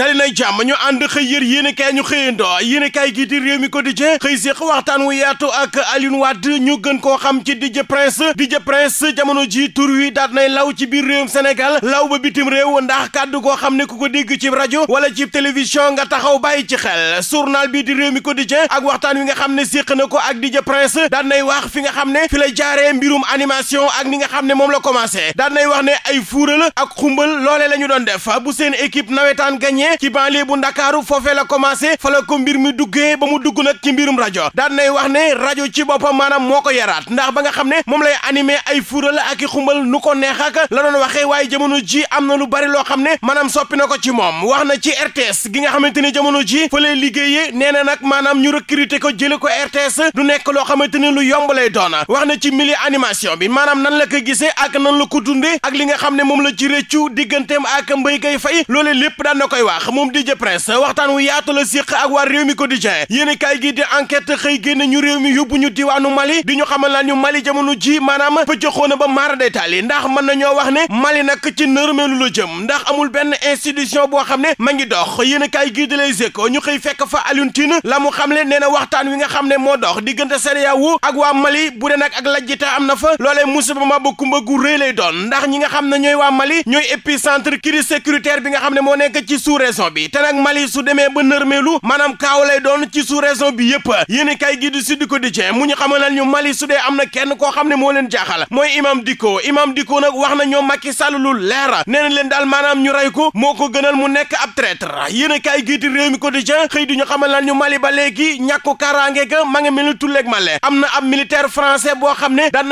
dali nay jàmm ñu ànd xëy yër yéen kaay ñu xëyandoo yéen kaay gi di réew mi quotidien xëy séq waxtaan wu yaatu ak Alioune Wade ñu gën koo xam ci di DJ Prince DJ Prince jamono ji tur wi daat nay law ci biir réewum Sénégal law ba bitim réew ndax kàddu koo xam ne ku ko dégg ci rajo wala ci télévision nga taxaw bàyyi ci xel journal bi di réew mi quotidien ak waxtaan wi nga xam ne séq na ko ak DJ Prince daat nay wax fi nga xam ne fi la jaaree mbirum animation ak ni nga xam ne moom la commencé daat nay wax ne ay fuural ak xumbal loole la ñu doon def bu seen équipe nawetaan gagné ne ci banlieue bu ndakaaru foofee la commencé fa ko mbir mi duggee ba mu dugg nag ci mbirum rajo daan nay wax ne rajo ci boppam maanaam moo ko yaraat ndax ba nga xam ne moom lay animé ay fural ak i xumbal nu ko neex ak la doon waxee waaye jamono ji am na lu bari loo xam ne maanaam soppi na ko ci moom wax na ci RTS gi nga xamante ni jamono ji fa lay liggéeyee nee na nag maanaam ñu recruter ko jële ko RTS du nekk loo xamante ni lu yomb lay doona wax na ci milieu animation bi maanaam nan la ko gisee ak nan la ko dundee ak li nga xam ne moom la ci rëccu digganteem ak Mbaye Gueye Faye loolee lépp daan na koy wax baax moom DJ Prince waxtaan wu yaatu la siq ak waa réew mi quotidien yéen i kaay gi di enquête xëy génne ñu réew mi yóbbu ñu diwaanu Mali di ñu xamal laan ñu Mali jamono ji maanaam pëccëxoo na ba maara detaal yi ndax mën nañoo wax ne Mali nag ci nërmeelu la jëm ndax amul benn institution boo xam ne ma ngi dox yéen i kaay gi di Les Échos ñu xëy fekk fa Alioune Tine la mu xamle nee na waxtaan wi nga xam ne moo dox diggante CEDEAO ak waa Mali bu dee nag ak lajjite am na fa loolee musiba ma ba kumba gu rëy lay ndax ñi nga xam ne ñooy waa Mali ñooy épicentre crise bi nga xam ne moo nekk ci sous-région bi te nag Mali su demee ba nërmeelu maanaam ci sous-région bi yëpp yéen kay gi du Sud Quotidien mu ñu xamal ñu Mali dee am na kenn koo xam ne moo jaaxal mooy Imam Dicko Imam Dicko nag wax na ñoom Macky leer nee na leen daal ñu rey moo ko gënal mu nekk ab traître yéen kay gi di Rewmi Quotidien xëy ñu xamal ñu Mali ba léegi ñàkku kaaraange ga ma nga mel ni tulleeg male am na ab militaire français boo xam ne daan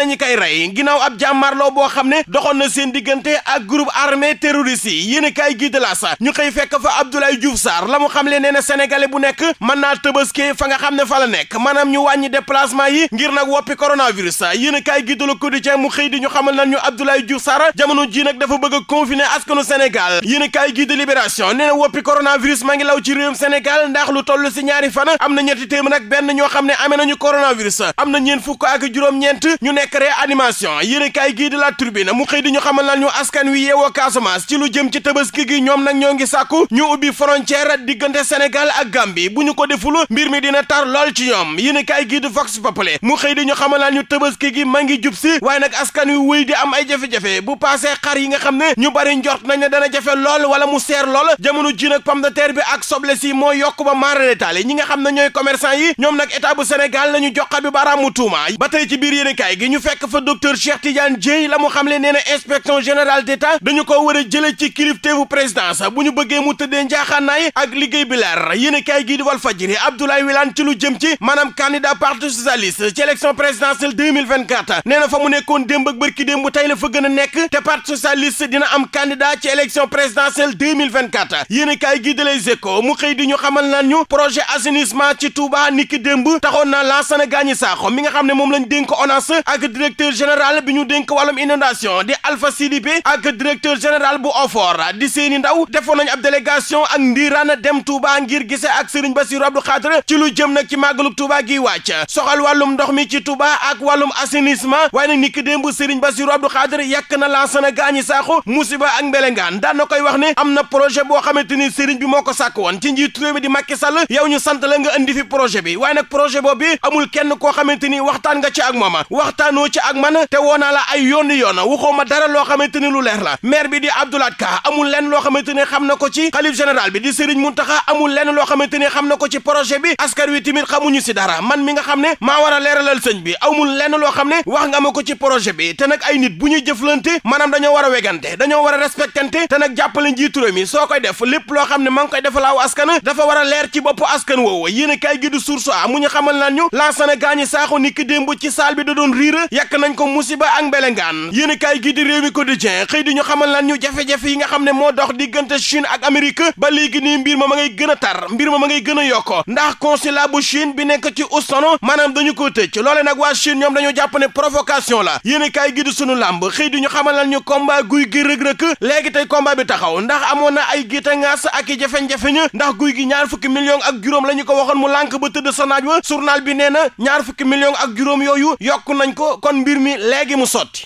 boo xam ne doxoon na seen diggante ak groupe armé terroriste yi yéen kay gi de la sa ñu fa Abdoulaye Diouf Sarr la mu xam le nee na sénégalais bu nekk mën naa tëbaskee fa nga xam ne fa la nekk maanaam ñu wàññi déplacement yi ngir nag woppi coronavirus yéen a kaay gi du la quotidien mu xëy di ñu xamal nañu Abdoulaye Diouf Sarr jamono ji nag dafa bëgg a confiner askanu Sénégal yéen a kaay gi de Libération nee na woppi coronavirus ma ngi law ci réewum Sénégal ndax lu toll si ñaari fana am na ñetti téeméer ak benn ñoo xam ne amee nañu coronavirus am na ñeen fukk ak juróom ñu nekk réanimation yéen a kaay gi de La mu xëy di ñu xamal nañu askan wi yeewoo Casamance ci lu jëm ci tabaski gi ñoom nag ñoo ngi sàkku ñu ubbi frontière diggante Sénégal ak Gambie bu ñu ko deful mbir mi dina tar lool ci ñoom yéen a kaay gii di Vox Populi mu xëy di ñu xamalaan ñu ki gi ma ngi jub si waaye nag askan wi wéy di am ay jafe-jafe bu paasee xar yi nga xam ne ñu bari njort nañ ne dana jafe lool wala mu seer lool jamono ji nag pomme de terre bi ak soble si moo yokk ba maaradetaali ñi nga xam ne ñooy commerçant yi ñoom nag état bu Sénégal nañu joxat bi baaraamu tuuma ba tey ci biir yéen kaay gi ñu fekk fa docteur Cheikh Tidiane Dièye la mu xamle nee na inspection générale d'État dañu ko war a jëlee ci kilifteefu présidence bu ñu bëggee mu tëddee njaaxaanaay ak liggéey bi leer yéen kaay gii di Walf Fadjri Abdoulaye ci lu jëm ci maanaam candidat parti socialiste ci élection présidentielle 2024 nee na fa mu nekkoon démb ak bërki démb bu tey la fa a nekk te parti socialiste dina am candidat ci élection présidentielle 2024 yéen kaay gii di mu xëy di ñu xamal naan ñu projet assainissement ci Touba niki démb taxoon na Lansana Gagny Sakho mi nga xam ne moom lañ dénk ONAS ak directeur général bi ñu dénk wàllum inondation di Alpha Sidibé ak directeur général bu OFOR seeni ndaw defoon nañ ab délégation délégation ak ndiiraan dem Touba ngir gisee ak Serigne Bassirou Abdou Khadre ci lu jëm nag ci màggalub Touba gi wàcc soxal wàllum ndox mi ci Touba ak wàllum assainissement waaye nag niki démb Serigne Bassirou Abdou Khadre yàq na Lansana Gagny Sakho musiba ak mbelengaan daan na koy wax ne am na projet boo xamante ni Serigne bi moo ko sàkk woon ci njiitu réew mi di Macky Sall yow ñu sant la nga indi fi projet bi waaye nag projet boobu bi amul kenn koo xamante ni waxtaan nga ci ak moom waxtaanoo ci ak man te woo naa la ay yoon yoon waxoo ma dara loo xamante ni lu leer la maire bi di Abdoulaye Ka amul lenn loo xamante ni xam na ko ci xalif général bi di Serigne Mountakha amul lenn loo xamante ni xam na ko ci projet bi askan wi tamit xamuñu si dara man mi nga xam ne maa war a leeralal sëñ bi amul lenn loo xam ne wax nga ma ko ci projet bi te nag ay nit bu ñuy jëflante maanaam dañoo war a wegante dañoo war a respectante te nag jàppale njiitu réew mi soo koy def lépp loo xam ne maa ngi koy defalaaw askan dafa war a leer ci bopp askan woowu yéen a kaay gi du source a mu ñu xamal naan ñu Lansana a kaay moo dox diggante Chine ak publique ba léegi nii mbir ma ma ngay gën a tar mbir ma ma ngay gën a yokko ndax consulat bu Chine bi nekk ci Oustano maanaam dañu ko tëj loole nag waa Chine ñoom dañoo jàpp ne provocation la yéen kaay gi di sunu làmb xëy di ñu xamalal ñu combat guy gi rëg-rëk léegi tey combat bi taxaw ndax amoon na ay géta ngaas ak i jafeñ-jafeñ ndax guy gi ñaar fukki million ak juróom la ñu ko waxoon mu lànk ba tëdd sa naaj wa journal bi nee na ñaar fukki million ak juróom yooyu yokk nañ ko kon mbir mi léegi mu sotti